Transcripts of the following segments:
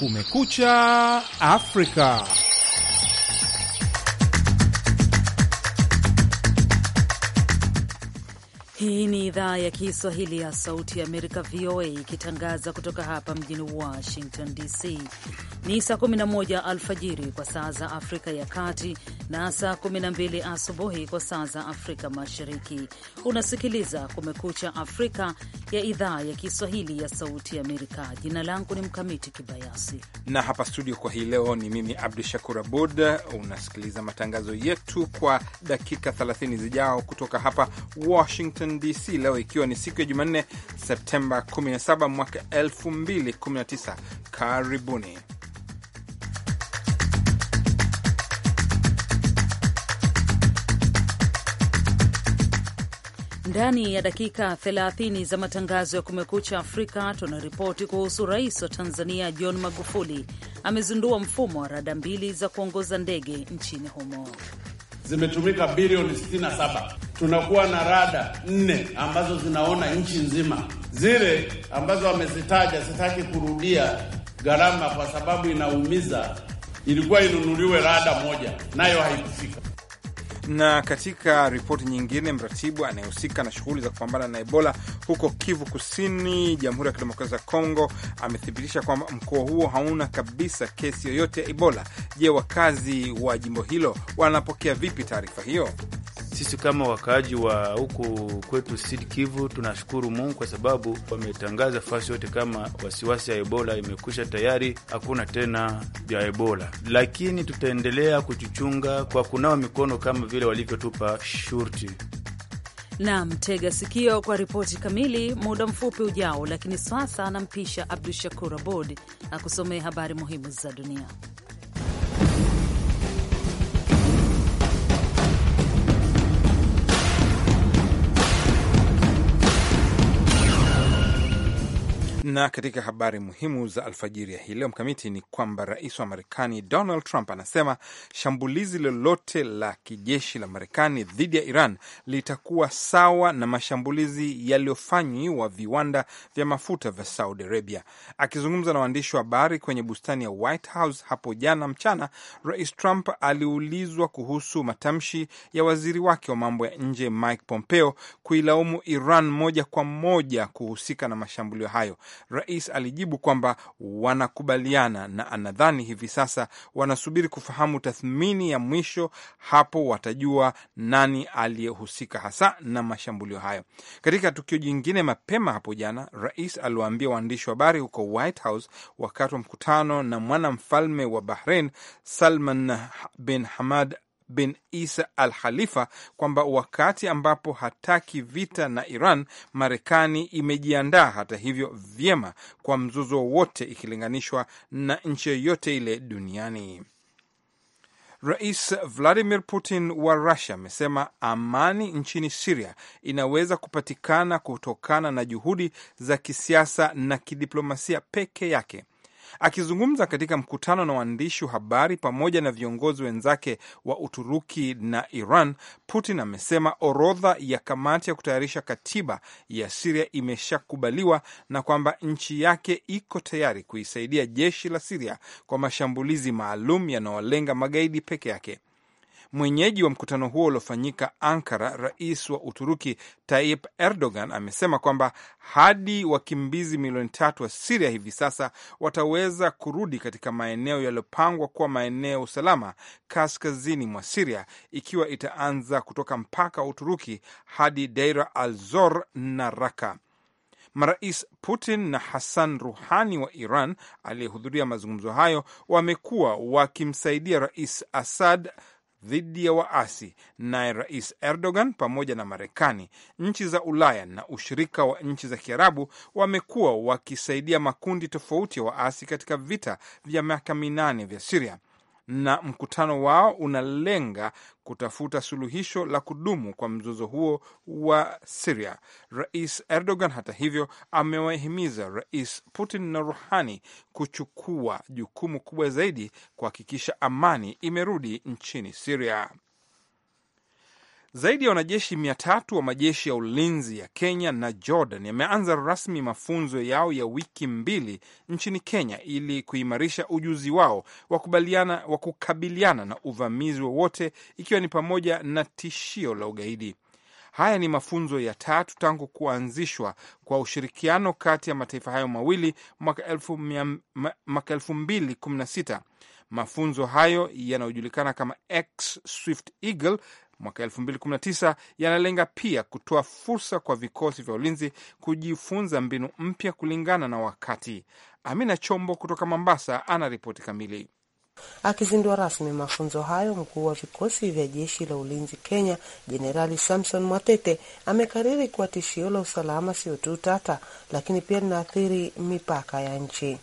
Kumekucha Afrika. Hii ni idhaa ya Kiswahili ya Sauti ya Amerika, VOA, ikitangaza kutoka hapa mjini Washington DC. Ni saa 11 alfajiri kwa saa za Afrika ya Kati na saa 12 asubuhi kwa saa za Afrika Mashariki. Unasikiliza Kumekucha Afrika ya idhaa ya Kiswahili ya Sauti ya Amerika. Jina langu ni Mkamiti Kibayasi na hapa studio kwa hii leo ni mimi Abdu Shakur Abud. Unasikiliza matangazo yetu kwa dakika 30 zijao kutoka hapa Washington Washington DC leo ikiwa ni siku ya Jumanne, Septemba 17 mwaka 2019. Karibuni. Ndani ya dakika 30 za matangazo ya Kumekucha Afrika tunaripoti kuhusu rais wa Tanzania John Magufuli amezindua mfumo wa rada mbili za kuongoza ndege nchini humo zimetumika bilioni 67. Tunakuwa na rada nne ambazo zinaona nchi nzima, zile ambazo wamezitaja, sitaki kurudia gharama kwa sababu inaumiza. Ilikuwa inunuliwe rada moja, nayo haikufika. Na katika ripoti nyingine, mratibu anayehusika na shughuli za kupambana na Ebola huko Kivu Kusini, Jamhuri ya Kidemokrasia ya Kongo, amethibitisha kwamba mkoa huo hauna kabisa kesi yoyote ya Ebola. Je, wakazi wa jimbo hilo wanapokea vipi taarifa hiyo? Sisi kama wakaaji wa huku kwetu Sud Kivu tunashukuru Mungu kwa sababu wametangaza fasi yote kama wasiwasi ya Ebola imekwisha tayari, hakuna tena vya Ebola, lakini tutaendelea kuchuchunga kwa kunawa mikono kama vile walivyotupa shurti. Nam tega sikio kwa ripoti kamili muda mfupi ujao, lakini sasa anampisha Abdu Shakur Abod akusomee habari muhimu za dunia. Na katika habari muhimu za alfajiri ya hii leo mkamiti ni kwamba rais wa Marekani Donald Trump anasema shambulizi lolote la kijeshi la Marekani dhidi ya Iran litakuwa sawa na mashambulizi yaliyofanywa viwanda vya mafuta vya Saudi Arabia. Akizungumza na waandishi wa habari kwenye bustani ya White House hapo jana mchana, rais Trump aliulizwa kuhusu matamshi ya waziri wake wa mambo ya nje Mike Pompeo kuilaumu Iran moja kwa moja kuhusika na mashambulio hayo rais alijibu kwamba wanakubaliana na anadhani hivi sasa wanasubiri kufahamu tathmini ya mwisho, hapo watajua nani aliyehusika hasa na mashambulio hayo. Katika tukio jingine, mapema hapo jana, rais aliwaambia waandishi wa habari huko White House wakati wa mkutano na mwanamfalme wa Bahrain Salman bin Hamad bin Isa al Khalifa kwamba wakati ambapo hataki vita na Iran, Marekani imejiandaa hata hivyo vyema kwa mzozo wowote ikilinganishwa na nchi yoyote ile duniani. Rais Vladimir Putin wa Russia amesema amani nchini Siria inaweza kupatikana kutokana na juhudi za kisiasa na kidiplomasia peke yake. Akizungumza katika mkutano na waandishi wa habari pamoja na viongozi wenzake wa Uturuki na Iran, Putin amesema orodha ya kamati ya kutayarisha katiba ya Siria imeshakubaliwa na kwamba nchi yake iko tayari kuisaidia jeshi la Siria kwa mashambulizi maalum yanayolenga magaidi peke yake. Mwenyeji wa mkutano huo uliofanyika Ankara, rais wa Uturuki Tayyip Erdogan amesema kwamba hadi wakimbizi milioni tatu wa Siria hivi sasa wataweza kurudi katika maeneo yaliyopangwa kuwa maeneo ya usalama kaskazini mwa Siria ikiwa itaanza kutoka mpaka wa Uturuki hadi Deira al Zor na Raka. Marais Putin na Hassan Ruhani wa Iran aliyehudhuria mazungumzo hayo wamekuwa wakimsaidia Rais Assad dhidi ya waasi. Naye Rais Erdogan pamoja na Marekani, nchi za Ulaya na ushirika wa nchi za Kiarabu wamekuwa wakisaidia makundi tofauti ya waasi katika vita vya miaka minane vya Siria na mkutano wao unalenga kutafuta suluhisho la kudumu kwa mzozo huo wa Siria. Rais Erdogan, hata hivyo, amewahimiza Rais Putin na Ruhani kuchukua jukumu kubwa zaidi kuhakikisha amani imerudi nchini Siria. Zaidi ya wanajeshi mia tatu wa majeshi ya ulinzi ya Kenya na Jordan yameanza rasmi mafunzo yao ya wiki mbili nchini Kenya ili kuimarisha ujuzi wao wa kukabiliana na uvamizi wowote ikiwa ni pamoja na tishio la ugaidi. Haya ni mafunzo ya tatu tangu kuanzishwa kwa ushirikiano kati ya mataifa hayo mawili mwaka elfu mbili kumi na sita. Mafunzo hayo yanayojulikana kama X Swift Eagle mwaka 2019 yanalenga pia kutoa fursa kwa vikosi vya ulinzi kujifunza mbinu mpya kulingana na wakati. Amina Chombo kutoka Mombasa ana ripoti kamili. Akizindua rasmi mafunzo hayo, mkuu wa vikosi vya jeshi la ulinzi Kenya, Jenerali Samson Mwatete amekariri kuwa tishio la usalama sio tu tata, lakini pia linaathiri mipaka ya nchi.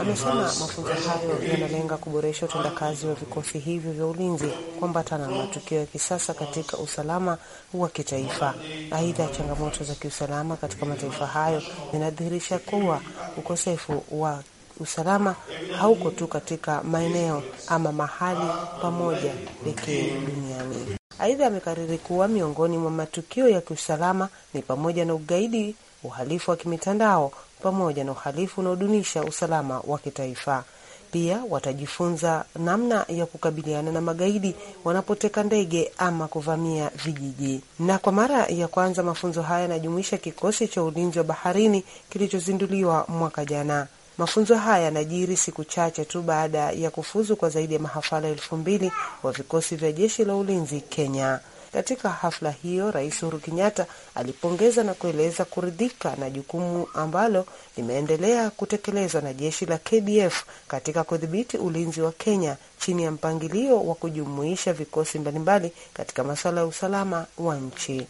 Amesema mafunzo hayo yanalenga kuboresha utendakazi wa vikosi hivyo vya ulinzi kuambatana na matukio ya kisasa katika usalama wa kitaifa. Aidha, changamoto za kiusalama katika mataifa hayo zinadhihirisha kuwa ukosefu wa usalama hauko tu katika maeneo ama mahali pamoja pekee duniani. Aidha, amekariri kuwa miongoni mwa matukio ya kiusalama ni pamoja na ugaidi, uhalifu wa kimitandao pamoja na uhalifu unaodunisha usalama wa kitaifa. Pia watajifunza namna ya kukabiliana na magaidi wanapoteka ndege ama kuvamia vijiji. Na kwa mara ya kwanza mafunzo haya yanajumuisha kikosi cha ulinzi wa baharini kilichozinduliwa mwaka jana. Mafunzo haya yanajiri siku chache tu baada ya kufuzu kwa zaidi ya mahafala elfu mbili wa vikosi vya jeshi la ulinzi Kenya. Katika hafla hiyo, Rais Uhuru Kenyatta alipongeza na kueleza kuridhika na jukumu ambalo limeendelea kutekelezwa na jeshi la KDF katika kudhibiti ulinzi wa Kenya chini ya mpangilio wa kujumuisha vikosi mbalimbali katika masuala ya usalama wa nchi.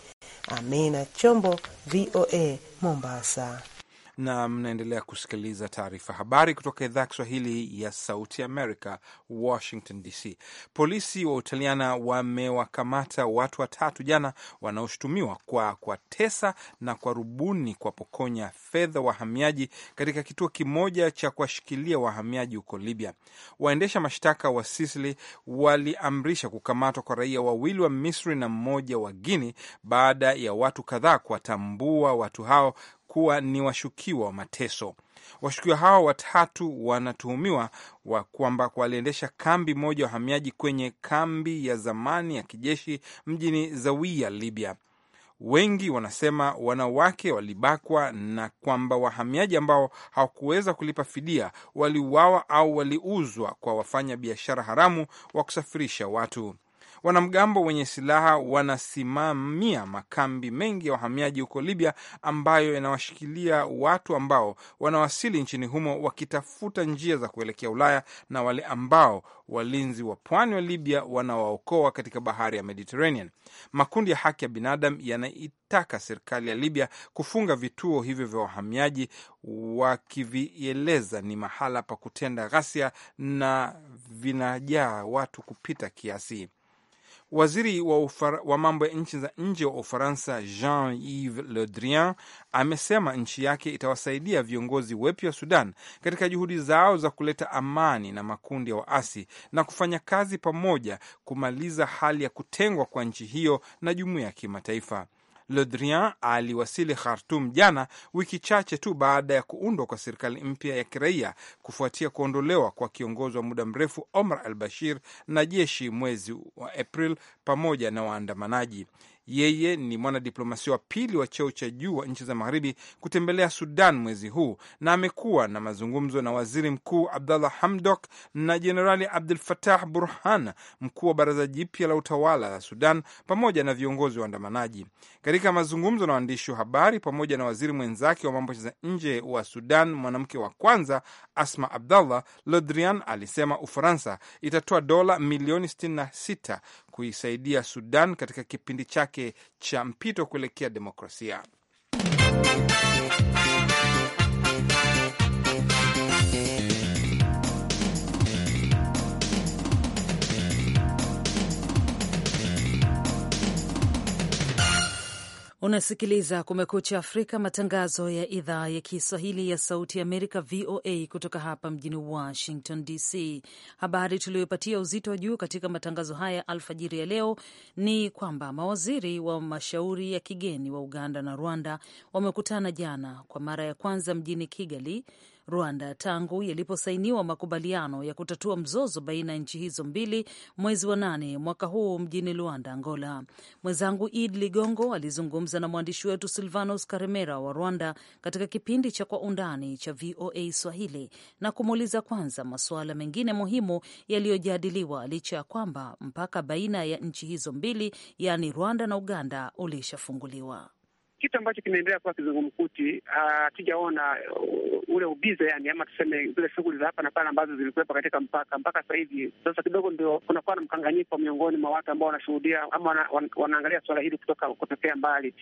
Amina Chombo, VOA, Mombasa na mnaendelea kusikiliza taarifa habari kutoka idhaa ya Kiswahili ya Sauti Amerika, Washington DC. Polisi wa Utaliana wamewakamata watu watatu jana wanaoshutumiwa kwa kuwatesa na kwa rubuni kuwapokonya fedha wahamiaji katika kituo kimoja cha kuwashikilia wahamiaji huko Libya. Waendesha mashtaka wa Sisili waliamrisha kukamatwa kwa raia wawili wa Misri na mmoja wa Guini baada ya watu kadhaa kuwatambua watu hao kuwa ni washukiwa wa mateso. Washukiwa hao watatu wanatuhumiwa wa kwamba waliendesha kambi moja ya wahamiaji kwenye kambi ya zamani ya kijeshi mjini Zawiya, Libya. Wengi wanasema wanawake walibakwa na kwamba wahamiaji ambao hawakuweza kulipa fidia waliuawa au waliuzwa kwa wafanya biashara haramu wa kusafirisha watu. Wanamgambo wenye silaha wanasimamia makambi mengi ya wahamiaji huko Libya, ambayo yanawashikilia watu ambao wanawasili nchini humo wakitafuta njia za kuelekea Ulaya na wale ambao walinzi wa pwani wa Libya wanawaokoa katika bahari ya Mediterranean. Makundi ya haki ya binadamu yanaitaka serikali ya Libya kufunga vituo hivyo vya wahamiaji, wakivieleza ni mahala pa kutenda ghasia na vinajaa watu kupita kiasi. Waziri wa, ufara, wa mambo ya nchi za nje wa Ufaransa Jean-Yves Le Drian amesema nchi yake itawasaidia viongozi wepya wa Sudan katika juhudi zao za kuleta amani na makundi ya wa waasi na kufanya kazi pamoja kumaliza hali ya kutengwa kwa nchi hiyo na jumuiya ya kimataifa. Le aliwasili Khartum jana, wiki chache tu baada ya kuundwa kwa serikali mpya ya kiraia kufuatia kuondolewa kwa kiongozi wa muda mrefu Omar al Bashir na jeshi mwezi wa April pamoja na waandamanaji. Yeye ni mwanadiplomasia wa pili wa cheo cha juu wa nchi za magharibi kutembelea Sudan mwezi huu na amekuwa na mazungumzo na waziri mkuu Abdallah Hamdok na jenerali Abdul Fatah Burhan, mkuu wa baraza jipya la utawala la Sudan, pamoja na viongozi wa waandamanaji. Katika mazungumzo na waandishi wa habari pamoja na waziri mwenzake wa mambo za nje wa Sudan, mwanamke wa kwanza Asma Abdallah, Lodrian alisema Ufaransa itatoa dola milioni 66 kuisaidia Sudan katika kipindi chake cha mpito kuelekea demokrasia. Unasikiliza Kumekucha Afrika, matangazo ya idhaa ya Kiswahili ya Sauti ya Amerika, VOA, kutoka hapa mjini Washington DC. Habari tuliyopatia uzito wa juu katika matangazo haya alfajiri ya leo ni kwamba mawaziri wa mashauri ya kigeni wa Uganda na Rwanda wamekutana jana kwa mara ya kwanza mjini Kigali Rwanda tangu yaliposainiwa makubaliano ya kutatua mzozo baina ya nchi hizo mbili mwezi wa nane mwaka huu mjini Luanda, Angola. Mwenzangu Id Ligongo alizungumza na mwandishi wetu Silvanos Karemera wa Rwanda katika kipindi cha Kwa Undani cha VOA Swahili na kumuuliza kwanza masuala mengine muhimu yaliyojadiliwa licha ya kwamba mpaka baina ya nchi hizo mbili yaani Rwanda na Uganda ulishafunguliwa kitu ambacho kinaendelea kuwa kizungumkuti, ah, hatujaona uh, ule ubize yani, ama tuseme zile shughuli za hapa na pale ambazo zilikuwepo katika mpaka mpaka sasa hivi. Sasa kidogo ndio kunakuwa na mkanganyiko miongoni mwa watu ambao wanashuhudia ama wana, wana, wanaangalia suala hili kutoka kutokea mbali,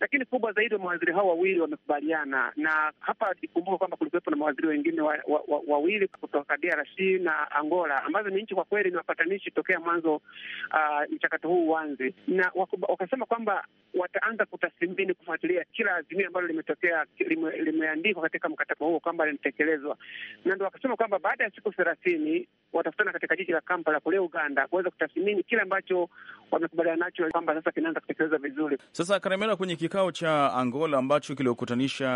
lakini kubwa zaidi mawaziri hao wawili wamekubaliana, na hapa ikumbuka kwamba kulikuwepo na mawaziri wengine wawili wa, wa, wa kutoka DRC na Angola ambazo ni nchi kwa kweli ni wapatanishi tokea mwanzo uh, mchakato huu uanze, na wakasema kwamba wataanza kutathmini kufuatilia kila azimio ambalo limetokea limeandikwa katika mkataba huo kwamba linatekelezwa, na ndo wakasema kwamba baada ya siku thelathini watakutana katika jiji la Kampala kule Uganda kuweza kutathmini kile ambacho wamekubaliana nacho kwamba sasa kinaanza kutekelezwa vizuri. Sasa Karemera, kwenye kikao cha Angola ambacho kiliokutanisha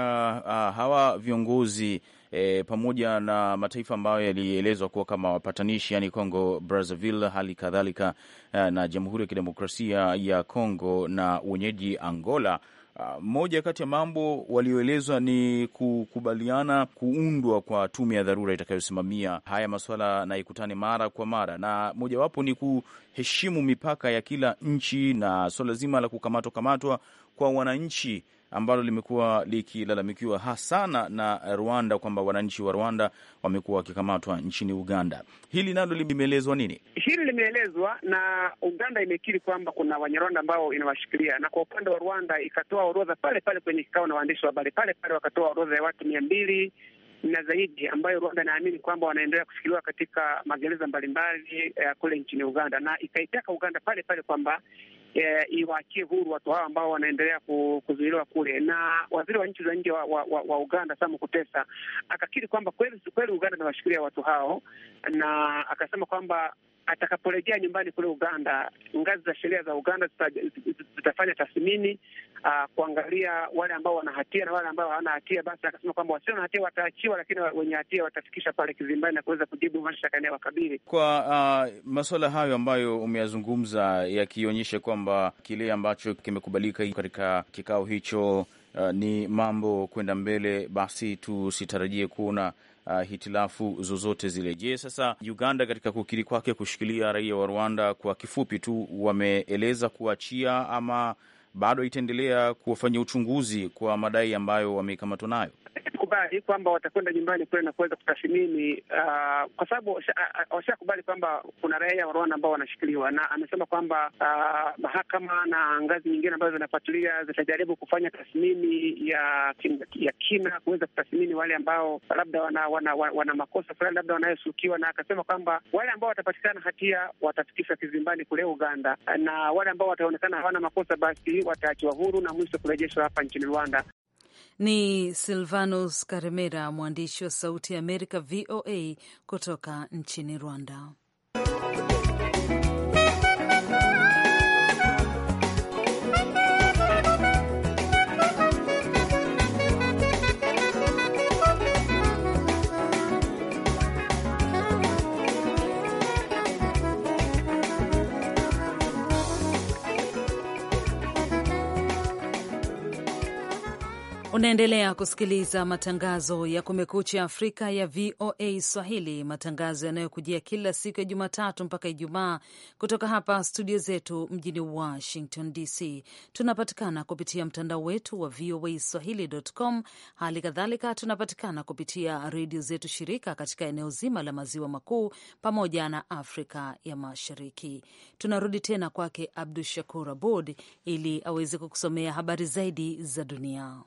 uh, hawa viongozi E, pamoja na mataifa ambayo yalielezwa kuwa kama wapatanishi yani Congo Brazzaville, hali kadhalika ah, na Jamhuri ya Kidemokrasia ya Congo na wenyeji Angola. Ah, moja kati ya mambo walioelezwa ni kukubaliana kuundwa kwa tume ya dharura itakayosimamia haya masuala na ikutane mara kwa mara, na mojawapo ni kuheshimu mipaka ya kila nchi na suala so zima la kukamatwa kamatwa kwa wananchi ambalo limekuwa likilalamikiwa hasana na Rwanda kwamba wananchi wa Rwanda wamekuwa wakikamatwa nchini Uganda. Hili nalo limeelezwa nini? Hili limeelezwa na Uganda, imekiri kwamba kuna Wanyarwanda ambao inawashikilia, na kwa upande wa Rwanda ikatoa orodha pale pale kwenye kikao na waandishi wa habari pale pale, wakatoa orodha ya watu mia mbili na zaidi ambayo Rwanda inaamini kwamba wanaendelea kushikiliwa katika magereza mbalimbali eh, kule nchini Uganda, na ikaitaka Uganda pale pale kwamba eh, iwaachie huru watu hao ambao wanaendelea kuzuiliwa kule. Na waziri wa nchi za nje wa, wa, wa, wa Uganda Sam Kutesa akakiri kwamba kweli kweli Uganda inawashikilia watu hao, na akasema kwamba atakaporejea nyumbani kule Uganda, ngazi za sheria za Uganda zitafanya tathmini uh, kuangalia wale ambao wana hatia na wale ambao hawana hatia. Basi akasema kwamba wasio na hatia wataachiwa, lakini wenye hatia watafikisha pale kizimbani na kuweza kujibu mashtaka yanayowakabili. Kwa uh, masuala hayo ambayo umeyazungumza yakionyesha kwamba kile ambacho kimekubalika katika kikao hicho uh, ni mambo kwenda mbele, basi tusitarajie kuona uh, hitilafu zozote zile. Je, sasa Uganda katika kukiri kwake kushikilia raia wa Rwanda kwa kifupi tu wameeleza kuachia ama bado itaendelea kuwafanya uchunguzi kwa madai ambayo wamekamatwa nayo? kubali kwamba watakwenda nyumbani kule na kuweza kutathmini uh, kwa sababu uh, uh, washakubali kwamba kuna raia wa Rwanda ambao wanashikiliwa, na amesema kwamba uh, mahakama na ngazi nyingine ambazo zinafuatilia zitajaribu kufanya tathmini ya, ya kina kuweza kutathmini wale ambao labda wana wana, wana, wana makosa fulani labda wanayosukiwa, na akasema kwamba wale ambao watapatikana hatia watafikishwa kizimbani kule Uganda, na wale ambao wataonekana hawana makosa basi wataachiwa huru na mwisho kurejeshwa hapa nchini Rwanda. Ni Silvanus Karemera, mwandishi wa Sauti ya Amerika VOA kutoka nchini Rwanda. Unaendelea kusikiliza matangazo ya Kumekucha Afrika ya VOA Swahili, matangazo yanayokujia kila siku ya Jumatatu mpaka Ijumaa kutoka hapa studio zetu mjini Washington DC. Tunapatikana kupitia mtandao wetu wa VOA Swahili.com. Hali kadhalika tunapatikana kupitia redio zetu shirika katika eneo zima la maziwa makuu pamoja na Afrika ya Mashariki. Tunarudi tena kwake Abdu Shakur Abud ili aweze kukusomea habari zaidi za dunia.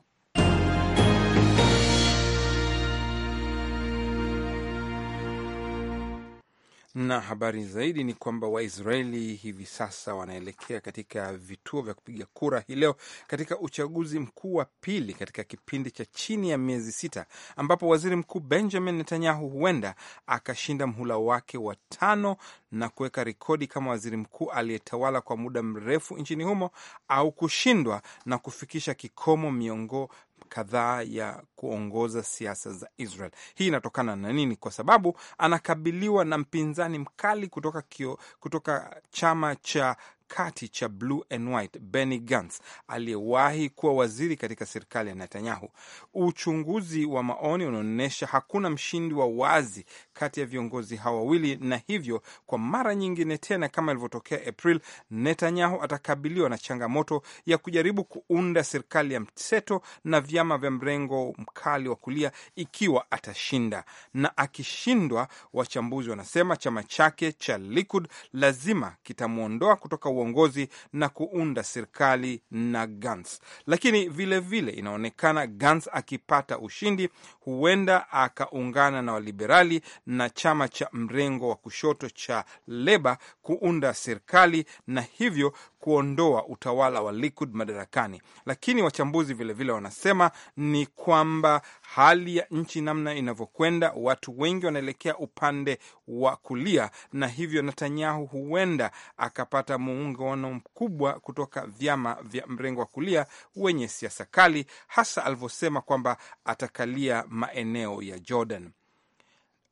Na habari zaidi ni kwamba Waisraeli hivi sasa wanaelekea katika vituo vya kupiga kura hii leo katika uchaguzi mkuu wa pili katika kipindi cha chini ya miezi sita, ambapo waziri mkuu Benjamin Netanyahu huenda akashinda mhula wake wa tano na kuweka rekodi kama waziri mkuu aliyetawala kwa muda mrefu nchini humo, au kushindwa na kufikisha kikomo miongo kadhaa ya kuongoza siasa za Israel. Hii inatokana na nini? Kwa sababu anakabiliwa na mpinzani mkali kutoka, kio, kutoka chama cha kati cha Blue and White Benny Gantz aliyewahi kuwa waziri katika serikali ya Netanyahu. Uchunguzi wa maoni unaonyesha hakuna mshindi wa wazi kati ya viongozi hawa wawili, na hivyo kwa mara nyingine tena kama ilivyotokea April, Netanyahu atakabiliwa na changamoto ya kujaribu kuunda serikali ya mseto na vyama vya mrengo mkali wa kulia ikiwa atashinda, na akishindwa, wachambuzi wanasema chama chake cha Likud lazima kitamwondoa kutoka uongozi na kuunda serikali na gans Lakini vilevile vile inaonekana gans akipata ushindi, huenda akaungana na waliberali na chama cha mrengo wa kushoto cha Leba kuunda serikali na hivyo kuondoa utawala wa Likud madarakani. Lakini wachambuzi vilevile vile wanasema ni kwamba hali ya nchi namna inavyokwenda, watu wengi wanaelekea upande wa kulia, na hivyo Netanyahu huenda akapata muungano mkubwa kutoka vyama vya mrengo wa kulia wenye siasa kali, hasa alivyosema kwamba atakalia maeneo ya Jordan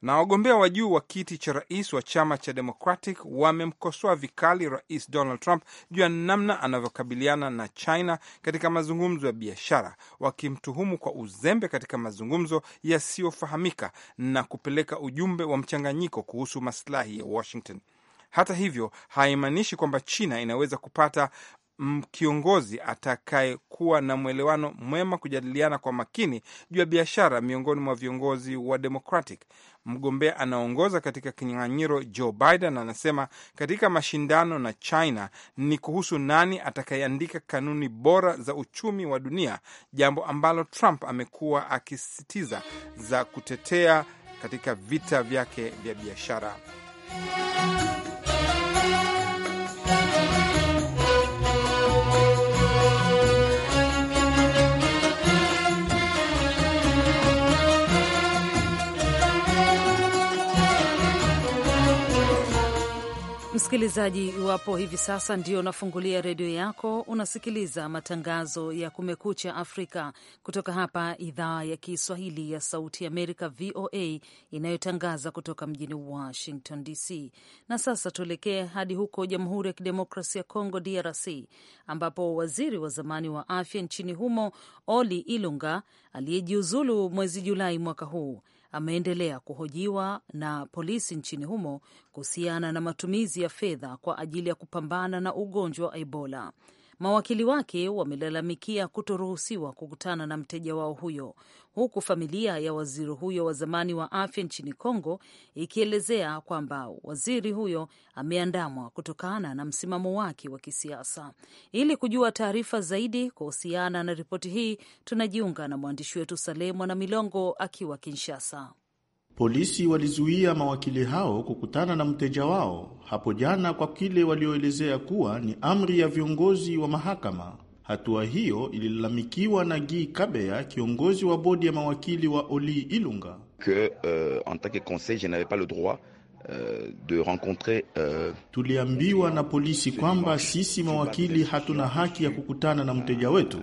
na wagombea wa juu wa kiti cha rais wa chama cha Democratic wamemkosoa vikali Rais Donald Trump juu ya namna anavyokabiliana na China katika mazungumzo ya biashara, wakimtuhumu kwa uzembe katika mazungumzo yasiyofahamika na kupeleka ujumbe wa mchanganyiko kuhusu maslahi ya Washington. Hata hivyo haimaanishi kwamba China inaweza kupata kiongozi atakayekuwa na mwelewano mwema kujadiliana kwa makini juu ya biashara miongoni mwa viongozi wa Democratic. Mgombea anaongoza katika kinyang'anyiro Joe Biden anasema katika mashindano na China ni kuhusu nani atakayeandika kanuni bora za uchumi wa dunia, jambo ambalo Trump amekuwa akisisitiza za kutetea katika vita vyake vya biashara. Msikilizaji, iwapo hivi sasa ndio unafungulia redio yako, unasikiliza matangazo ya Kumekucha Afrika kutoka hapa idhaa ya Kiswahili ya Sauti Amerika, VOA, inayotangaza kutoka mjini Washington DC. Na sasa tuelekee hadi huko Jamhuri ya Kidemokrasia ya Kongo, DRC, ambapo waziri wa zamani wa afya nchini humo Oli Ilunga aliyejiuzulu mwezi Julai mwaka huu ameendelea kuhojiwa na polisi nchini humo kuhusiana na matumizi ya fedha kwa ajili ya kupambana na ugonjwa wa Ebola. Mawakili wake wamelalamikia kutoruhusiwa kukutana na mteja wao huyo, huku familia ya waziri huyo wa zamani wa afya nchini Kongo ikielezea kwamba waziri huyo ameandamwa kutokana na msimamo wake wa kisiasa. Ili kujua taarifa zaidi kuhusiana na ripoti hii, tunajiunga na mwandishi wetu Salemwa na Milongo akiwa Kinshasa. Polisi walizuia mawakili hao kukutana na mteja wao hapo jana kwa kile walioelezea kuwa ni amri ya viongozi wa mahakama. Hatua hiyo ililalamikiwa na Gi Kabea, kiongozi wa bodi ya mawakili wa Oli Ilunga. Que, euh, en tant que conseil, je n'avais pas le droit Euh, de rencontrer, euh, tuliambiwa na polisi kwamba sisi mawakili hatuna haki ya kukutana na mteja wetu.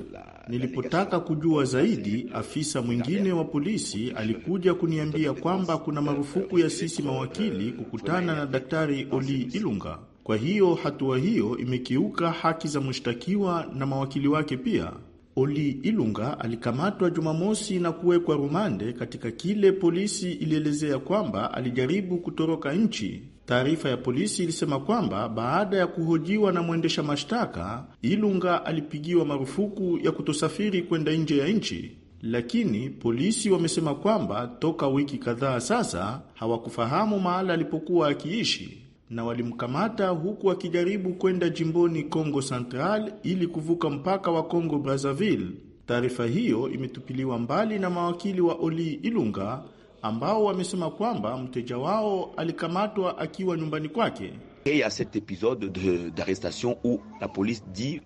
Nilipotaka kujua zaidi, afisa mwingine wa polisi alikuja kuniambia kwamba kuna marufuku ya sisi mawakili euh, kukutana na Daktari Oli Ilunga. Kwa hiyo hatua hiyo imekiuka haki za mshtakiwa na mawakili wake pia. Oli Ilunga alikamatwa Jumamosi na kuwekwa rumande katika kile polisi ilielezea kwamba alijaribu kutoroka nchi. Taarifa ya polisi ilisema kwamba baada ya kuhojiwa na mwendesha mashtaka, Ilunga alipigiwa marufuku ya kutosafiri kwenda nje ya nchi. Lakini polisi wamesema kwamba toka wiki kadhaa sasa hawakufahamu mahala alipokuwa akiishi na walimkamata huku akijaribu kwenda jimboni congo Central ili kuvuka mpaka wa congo Brazzaville. Taarifa hiyo imetupiliwa mbali na mawakili wa Oli Ilunga ambao wamesema kwamba mteja wao alikamatwa akiwa nyumbani kwake.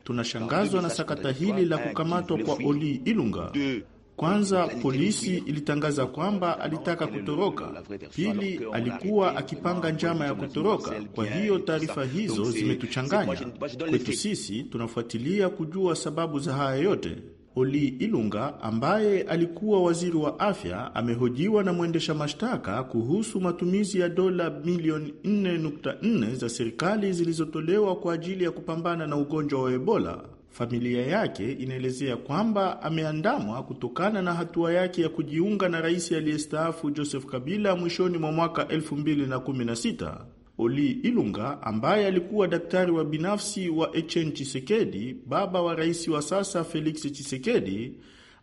Tunashangazwa na sakata hili la kukamatwa kwa Oli Ilunga kwanza, polisi ilitangaza kwamba alitaka kutoroka. Pili, alikuwa akipanga njama ya kutoroka. Kwa hiyo taarifa hizo zimetuchanganya kwetu sisi. Tunafuatilia kujua sababu za haya yote. Oli Ilunga ambaye alikuwa waziri wa afya amehojiwa na mwendesha mashtaka kuhusu matumizi ya dola milioni 4.4 za serikali zilizotolewa kwa ajili ya kupambana na ugonjwa wa Ebola. Familia yake inaelezea kwamba ameandamwa kutokana na hatua yake ya kujiunga na rais aliyestaafu Joseph Kabila mwishoni mwa mwaka 2016. Oli Ilunga ambaye alikuwa daktari wa binafsi wa HN Chisekedi, baba wa rais wa sasa Felix Chisekedi,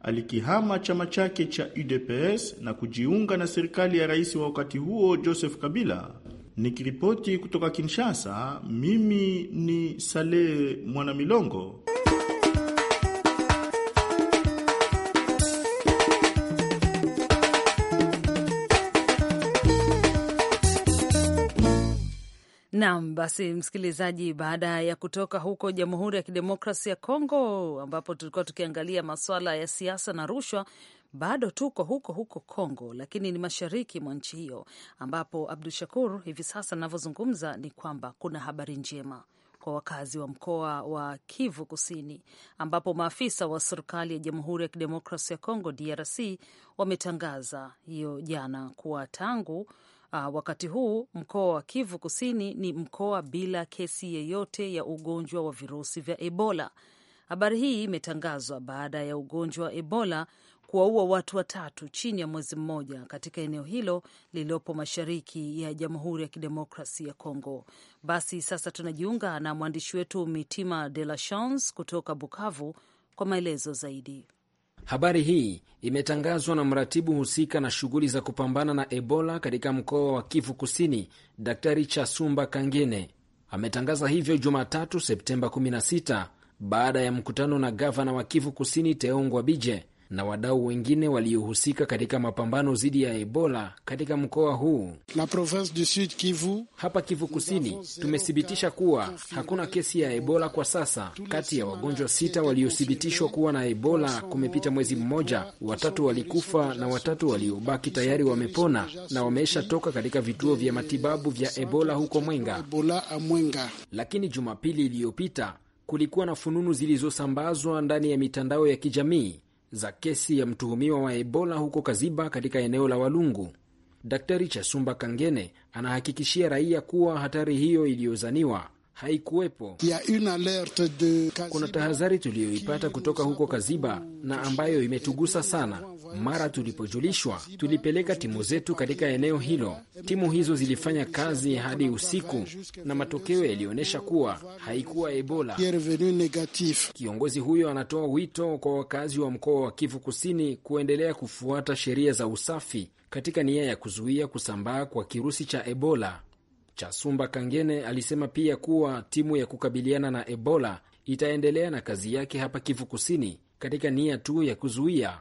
alikihama chama chake cha UDPS na kujiunga na serikali ya rais wa wakati huo Joseph Kabila. Nikiripoti kutoka Kinshasa, mimi ni Saleh Mwanamilongo. Nam, basi msikilizaji, baada ya kutoka huko Jamhuri ya Kidemokrasi ya Kongo ambapo tulikuwa tukiangalia masuala ya siasa na rushwa, bado tuko huko huko Kongo, lakini ni mashariki mwa nchi hiyo, ambapo Abdu Shakur, hivi sasa ninavyozungumza ni kwamba kuna habari njema kwa wakazi wa mkoa wa Kivu Kusini, ambapo maafisa wa serikali ya Jamhuri ya Kidemokrasia ya Kongo, DRC, wametangaza hiyo jana kuwa tangu Uh, wakati huu mkoa wa Kivu Kusini ni mkoa bila kesi yeyote ya ugonjwa wa virusi vya Ebola. Habari hii imetangazwa baada ya ugonjwa wa Ebola kuwaua watu watatu chini ya mwezi mmoja katika eneo hilo lililopo mashariki ya Jamhuri ya Kidemokrasi ya Kongo. Basi sasa tunajiunga na mwandishi wetu Mitima De La Chance kutoka Bukavu kwa maelezo zaidi. Habari hii imetangazwa na mratibu husika na shughuli za kupambana na Ebola katika mkoa wa Kivu Kusini, Daktari Chasumba Kangene. Ametangaza hivyo Jumatatu Septemba 16 baada ya mkutano na gavana wa Kivu Kusini Teongwa Bije na wadau wengine waliohusika katika mapambano dhidi ya Ebola katika mkoa huu. La province du Sud Kivu, hapa Kivu Kusini, tumethibitisha kuwa hakuna kesi ya Ebola kwa sasa. Kati ya wagonjwa sita waliothibitishwa kuwa na Ebola, kumepita mwezi mmoja, watatu walikufa na watatu waliobaki tayari wamepona na wameisha toka katika vituo vya matibabu vya Ebola huko Mwenga. Lakini Jumapili iliyopita kulikuwa na fununu zilizosambazwa ndani ya mitandao ya kijamii za kesi ya mtuhumiwa wa Ebola huko Kaziba katika eneo la Walungu. Daktari Chasumba Kangene anahakikishia raia kuwa hatari hiyo iliyozaniwa haikuwepo. Kuna tahadhari tuliyoipata kutoka huko Kaziba na ambayo imetugusa sana. Mara tulipojulishwa, tulipeleka timu zetu katika eneo hilo. Timu hizo zilifanya kazi hadi usiku na matokeo yalionyesha kuwa haikuwa Ebola. Kiongozi huyo anatoa wito kwa wakazi wa mkoa wa Kivu Kusini kuendelea kufuata sheria za usafi katika nia ya kuzuia kusambaa kwa kirusi cha Ebola. Chasumba Kangene alisema pia kuwa timu ya kukabiliana na Ebola itaendelea na kazi yake hapa Kivu Kusini katika nia tu ya kuzuia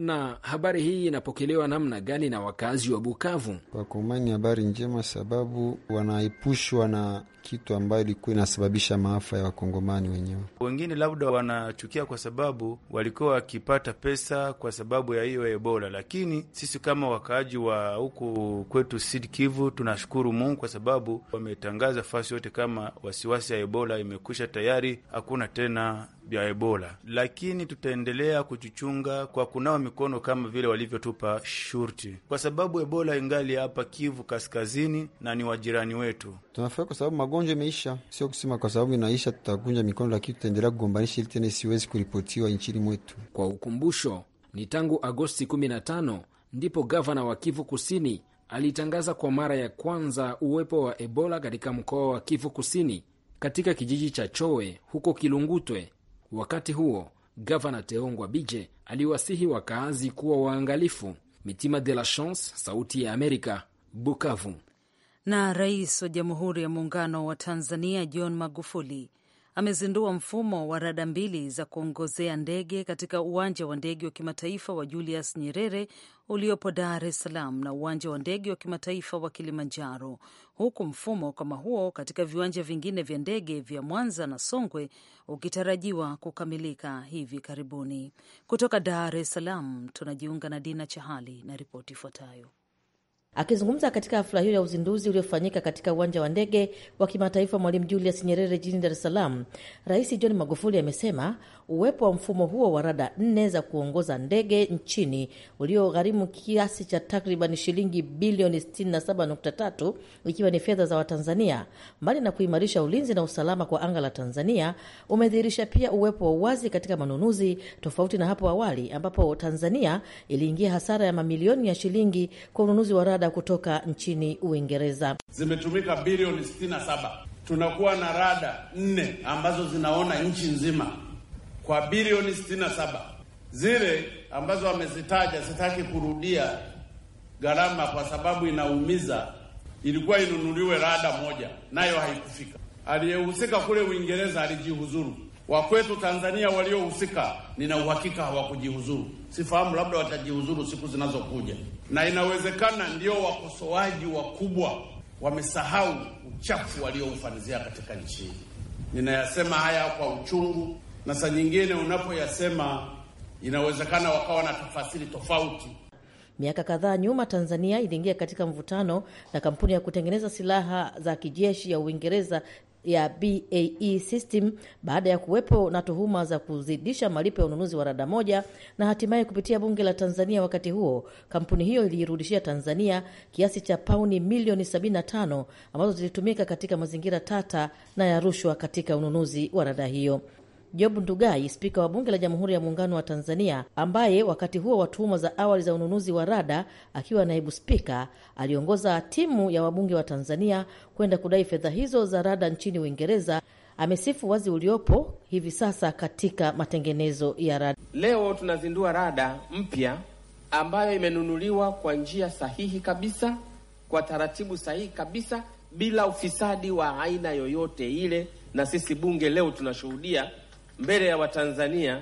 na habari hii inapokelewa namna gani na wakazi wa Bukavu? Wakongomani habari njema, sababu wanaepushwa na kitu ambayo ilikuwa inasababisha maafa ya wakongomani wenyewe. Wengine labda wanachukia kwa sababu walikuwa wakipata pesa kwa sababu ya hiyo Ebola, lakini sisi kama wakaaji wa huku kwetu Sud Kivu tunashukuru Mungu kwa sababu wametangaza fasi yote kama wasiwasi ya Ebola imekwisha tayari, hakuna tena ya Ebola, lakini tutaendelea kuchuchunga kwa kunawa mikono kama vile walivyotupa shurti, kwa sababu Ebola ingali hapa Kivu Kaskazini na ni wajirani wetu. Tunafurahi kwa sababu magonjwa imeisha, sio kusema kwa sababu inaisha tutakunja mikono, lakini tutaendelea kugombanisha ili tena isiwezi kuripotiwa nchini mwetu. Kwa ukumbusho, ni tangu Agosti 15 ndipo gavana wa Kivu Kusini alitangaza kwa mara ya kwanza uwepo wa Ebola katika mkoa wa Kivu Kusini katika kijiji cha Chowe huko Kilungutwe. Wakati huo gavana Teongwa Bije aliwasihi wakaazi kuwa waangalifu. Mitima de la Chance, Sauti ya Amerika, Bukavu. Na rais wa Jamhuri ya Muungano wa Tanzania John Magufuli amezindua mfumo wa rada mbili za kuongozea ndege katika uwanja wa ndege wa kimataifa wa Julius Nyerere uliopo Dar es Salaam na uwanja wa ndege wa kimataifa wa Kilimanjaro, huku mfumo kama huo katika viwanja vingine vya ndege vya Mwanza na Songwe ukitarajiwa kukamilika hivi karibuni. Kutoka Dar es Salaam tunajiunga na Dina Chahali na ripoti ifuatayo. Akizungumza katika hafla hiyo ya uzinduzi uliofanyika katika uwanja wa ndege wa kimataifa Mwalimu Julius Nyerere jijini Dar es Salaam, Rais John Magufuli amesema uwepo wa mfumo huo wa rada nne za kuongoza ndege nchini uliogharimu kiasi cha takriban shilingi bilioni 67.3 ikiwa ni fedha za Watanzania. Mbali na kuimarisha ulinzi na usalama kwa anga la Tanzania, umedhihirisha pia uwepo wa uwazi katika manunuzi, tofauti na hapo awali ambapo Tanzania iliingia hasara ya mamilioni ya shilingi kwa ununuzi wa rada kutoka nchini Uingereza. Zimetumika bilioni 67. Tunakuwa na rada nne ambazo zinaona nchi nzima kwa bilioni 67 zile ambazo wamezitaja, sitaki kurudia gharama kwa sababu inaumiza. Ilikuwa inunuliwe rada moja, nayo haikufika. Aliyehusika kule Uingereza alijihuzuru. Wakwetu Tanzania waliohusika, nina uhakika hawakujihuzuru. Sifahamu, labda watajihuzuru siku zinazokuja, na inawezekana ndio wakosoaji wakubwa wamesahau uchafu walioufanizia katika nchi hii. Ninayasema haya kwa uchungu na saa nyingine unapoyasema inawezekana wakawa na tafasiri tofauti. Miaka kadhaa nyuma, Tanzania iliingia katika mvutano na kampuni ya kutengeneza silaha za kijeshi ya Uingereza ya BAE System baada ya kuwepo na tuhuma za kuzidisha malipo ya ununuzi wa rada moja, na hatimaye kupitia bunge la Tanzania wakati huo, kampuni hiyo iliirudishia Tanzania kiasi cha pauni milioni 75 ambazo zilitumika katika mazingira tata na ya rushwa katika ununuzi wa rada hiyo. Job Ndugai, spika wa bunge la Jamhuri ya Muungano wa Tanzania, ambaye wakati huo wa tuhuma za awali za ununuzi wa rada akiwa naibu spika, aliongoza timu ya wabunge wa Tanzania kwenda kudai fedha hizo za rada nchini Uingereza, amesifu wazi uliopo hivi sasa katika matengenezo ya rada. Leo tunazindua rada mpya ambayo imenunuliwa kwa njia sahihi kabisa, kwa taratibu sahihi kabisa, bila ufisadi wa aina yoyote ile, na sisi bunge leo tunashuhudia mbele ya Watanzania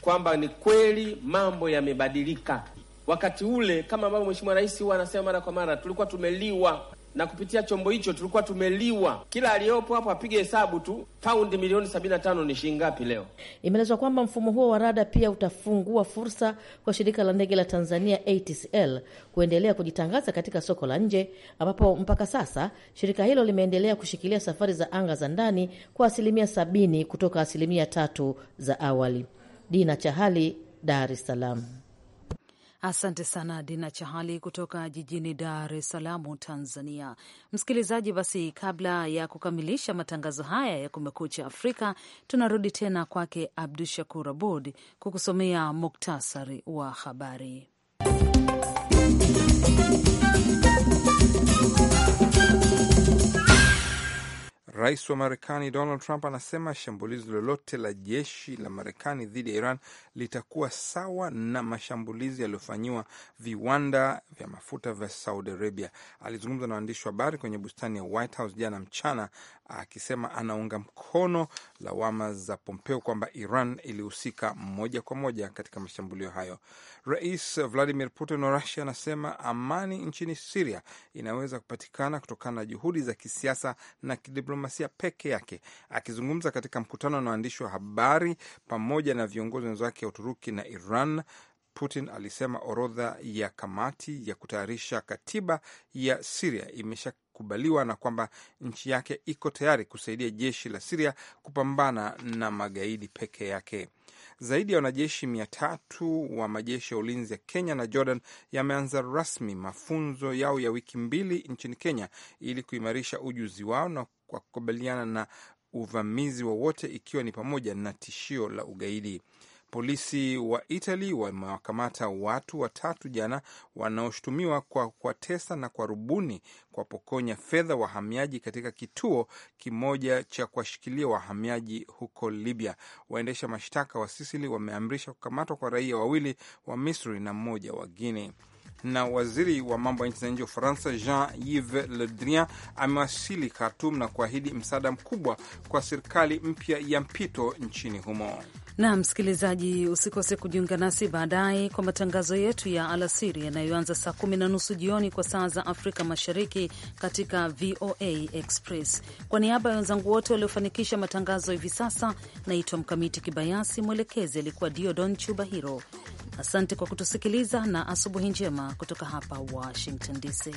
kwamba ni kweli mambo yamebadilika. Wakati ule kama ambavyo Mheshimiwa Rais huwa anasema mara kwa mara, tulikuwa tumeliwa na kupitia chombo hicho tulikuwa tumeliwa. Kila aliyopo hapo apige hesabu tu, paundi milioni 75 ni shilingi ngapi leo? Imeelezwa kwamba mfumo huo wa rada pia utafungua fursa kwa shirika la ndege la Tanzania ATCL kuendelea kujitangaza katika soko la nje, ambapo mpaka sasa shirika hilo limeendelea kushikilia safari za anga za ndani kwa asilimia sabini kutoka asilimia tatu za awali. Dina Chahali, Dar es Salaam. Asante sana Dina Chahali kutoka jijini Dar es Salaam, Tanzania. Msikilizaji, basi kabla ya kukamilisha matangazo haya ya Kumekucha Afrika, tunarudi tena kwake Abdu Shakur Abud kukusomea muktasari wa habari. Rais wa Marekani Donald Trump anasema shambulizi lolote la jeshi la Marekani dhidi ya Iran litakuwa sawa na mashambulizi yaliyofanyiwa viwanda vya mafuta vya Saudi Arabia. Alizungumza na waandishi wa habari kwenye bustani ya White House jana mchana, akisema anaunga mkono lawama za Pompeo kwamba Iran ilihusika moja kwa moja katika mashambulio hayo. Rais Vladimir Putin wa Rusia anasema amani nchini Siria inaweza kupatikana kutokana na juhudi za kisiasa na kidiplomasia peke yake. Akizungumza katika mkutano na waandishi wa habari pamoja na viongozi wenzake ya Uturuki na Iran, Putin alisema orodha ya kamati ya kutayarisha katiba ya Siria imeshakubaliwa na kwamba nchi yake iko tayari kusaidia jeshi la Siria kupambana na magaidi peke yake. Zaidi ya wanajeshi mia tatu wa majeshi ya ulinzi ya Kenya na Jordan yameanza rasmi mafunzo yao ya wiki mbili nchini Kenya ili kuimarisha ujuzi wao na kwa kukabiliana na uvamizi wowote ikiwa ni pamoja na tishio la ugaidi. Polisi wa Italy wamewakamata watu watatu jana wanaoshutumiwa kwa kuwatesa na kwa rubuni kuwapokonya fedha wahamiaji katika kituo kimoja cha kuwashikilia wahamiaji huko Libya. Waendesha mashtaka wa Sisili wameamrisha kukamatwa kwa raia wawili wa Misri na mmoja wa guine na waziri wa mambo ya nchi za nje wa Ufaransa Jean Yves Le Drian amewasili Khartum na kuahidi msaada mkubwa kwa serikali mpya ya mpito nchini humo. Na msikilizaji, usikose kujiunga nasi baadaye kwa matangazo yetu ya alasiri yanayoanza saa kumi na nusu jioni kwa saa za Afrika Mashariki katika VOA Express. Kwa niaba ya wenzangu wote waliofanikisha matangazo hivi sasa, naitwa Mkamiti Kibayasi, mwelekezi alikuwa Diodon Chubahiro. Asante kwa kutusikiliza na asubuhi njema kutoka hapa Washington DC.